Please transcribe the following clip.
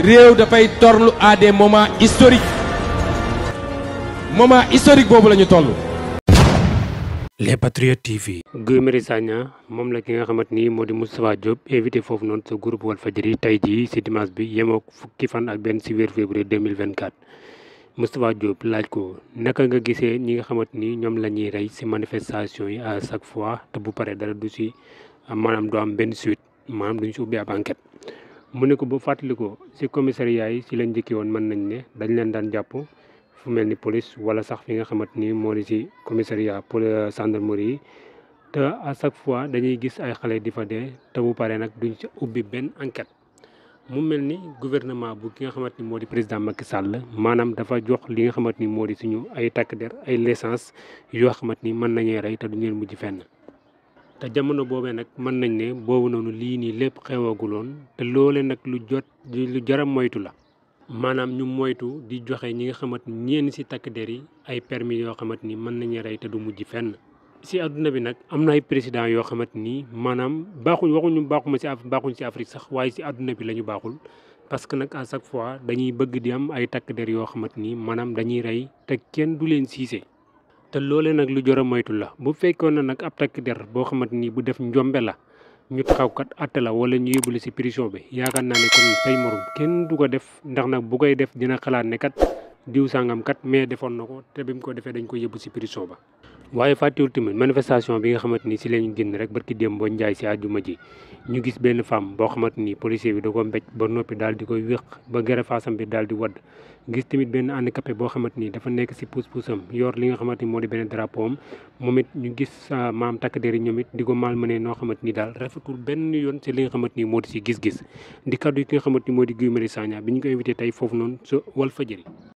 réew dafay torlu à des moments historiques moment historique boobu la ñu toll. Les Patriotes TV. Guy Marius Sagna moom la ki nga xamante ni moo di Moustapha Diop invité foofu noonu sa groupe Walfadjri tey jii si dimanche bi yemook fukki fan ak benn si weeru février 2024 Moustapha Diop laaj ko naka nga gisee ñi nga xamante ni ñoom la ñuy rey si manifestation yi à chaque fois te bu paree dala du si maanaam du am benn suite maam duñ si ubbi ab enquête. mu ne ko ba fàttalikoo si commissariat yi si la njëkkee woon mën nañ ne dañ leen daan jàpp fu mel ni police wala sax fi nga xamante ni moo di si commissariat pour euh, gendarmerie yi te à chaque fois dañuy gis ay xale di fa dee te bu pare nag duñ ci ubbi benn enquête mu mel ni gouvernement bu ki nga xamante ni moo di président Macky Sall maanaam dafa jox li nga xamante ni moo di suñu ay takk der ay licence yoo xamante ni mën nañuy rey te duñ leen mujj fenn. te jamono boobee nag mën nañ ne boobu noonu lii nii lépp xewaguloon te loole nag lu jot lu jara moytu la maanaam ñu moytu di joxe ñi nga xamante ni ñenn si takk der yi ay permis yoo xamante ni mën nañu rey te du mujj fenn. si adduna bi nag am na ay président yoo xamante ni maanaam baaxuñ waxuñu baaxuma si baaxuñ si Afrique sax waaye si àdduna bi la ñu baaxul parce que nag à chaque fois dañuy bëgg di am ay takk der yoo xamante ni maanaam dañuy rey te kenn du leen siise. te loolee nag lu jora moytu la bu fekkoon na nag ab takk der boo xamante nii bu def njombe la ñu taxaw kat atte la wala ñu yóbbu la si prison bi yaakaar naa ne kon say morom kenn du ko def ndax nag bu koy def dina xalaat ne kat diw sàngam kat mais defoon na ko te bi mu ko defee dañ ko yóbbu si prison ba. waaye fàttewul tamit manifestation bi nga xamante ni si lañu génn rek barki démb boo njaay si àjjuma ji ñu gis benn femme boo xamante ni policier bi da ko mbéj ba noppi daal di koy wéq ba gere faasam bi daal di wadd gis tamit benn handicapé boo xamante ni dafa nekk si puus-puusam yor li nga xamante ni moo di benn drapeau am moom it ñu gis maam takk der yi ñoom it di ko ne noo xamante ni daal rafetul benn yoon si li nga xamante ni moo di si gis-gis di kaddu ni moo di Guy Marius Sagna bi ñu ko tey foofu noonu sa Walfadjri